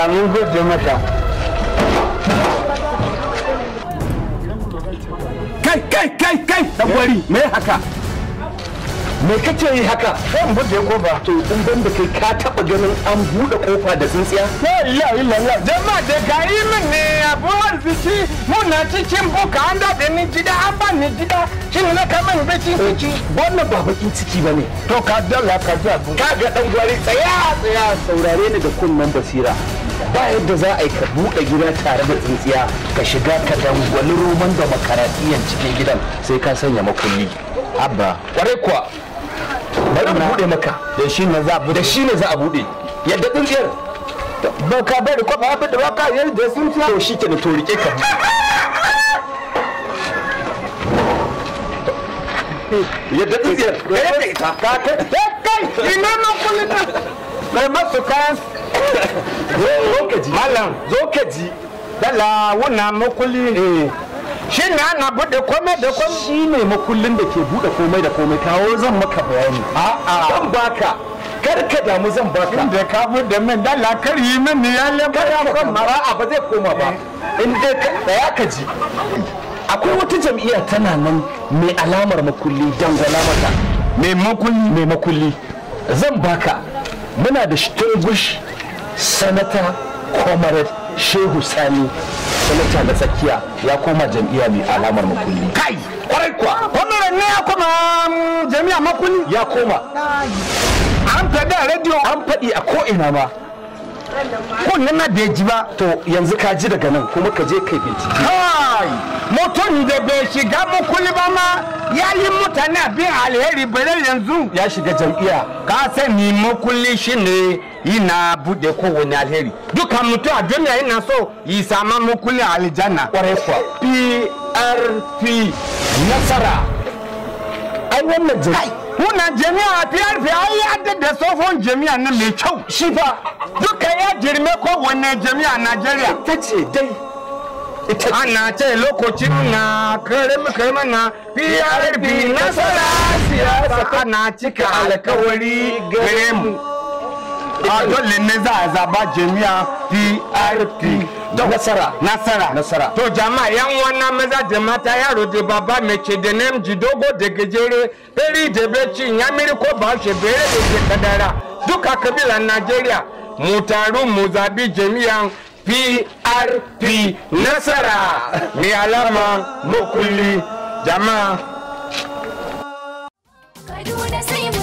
Allah mun gode masa kai kai kai kai dagwari mai haka me kace yi haka sai in bude kofa to in ban da kai ka taba ganin an bude kofa da tsintsiya la ilaha illallah jama'a da gari min ne abu mun na cikin buka an da ni gida an ba ni gida shin na kama ni bakin eh, ciki wannan ba bakin ciki bane to ka dalla ka ji abu ka ga dan gwari tsaya tsaya saurare ni da kunnan basira ba yadda za a yi ka buɗe gida tare da tsintsiya ka shiga ka dangwali roman da makaratiyan cikin gidan sai ka sanya makulli abba kwarai kuwa bari mu buɗe maka da shi ne za a buɗe da shi ne za a buɗe yadda tsintsiyar ba ka bari kwafa ya fita ba ka yadda tsintsiya to shi ke da to rike ka yadda tsintsiyar ka yadda ita ka kai ina makullin nan mai masu kayan zo ka ji malam zo ka ji dala wannan makulli ne eh. shi ne na bude komai da komai shi ne makullin da ke bude komai da komai kawo zan maka bayani a'a zan baka karka damu zan baka inda ka bude min dala kar yi min ne ya kar ya mara mara'a ba zai koma ba eh. in dai ka ka ji akwai wata jam'iyya tana nan mai alamar makulli dangwala mata mai makulli mai makulli zan baka muna da shi sanata comrade shehu sani sanata na tsakiya ya koma jam'iyya mai alamar makulli kai kwarai kuwa kwamaran ne ya koma um, jami'a makulli ya koma an faɗi a radio. an faɗi a ko'ina ma wannan na bai ji ba to yanzu ka ji daga nan kuma ka je kai bincike kai mutum da bai shiga mukuli ba ma ya yi mutane abin alheri bare yanzu ya shiga jam'iyya ka sani mukulli shi ne yana bude kowane alheri duka mutum a duniya yana so yi sama makulli a aljanna kwarai kuwa prp nasara ai wannan jam'iyya wannan jami'a a fiyar fiya ya yadda da tsohon jami'a nan mai kyau shi fa duka ya me ko wanne jami'a najeriya ita ce dai ana ce lokacin na kare na prp nasara siyasa ana cika alkawari gare mu a dole ne za a zaba prp nasara nasara nasara to jama'a yan wannan maza da mata yaro da baba mai ce da namji dogo da gajere iri da beci yamiri ko bahaushe bere da kadara duka kabilan najeriya mu taru mu jami'an prp nasara mai alama mukulli jama'a kaduna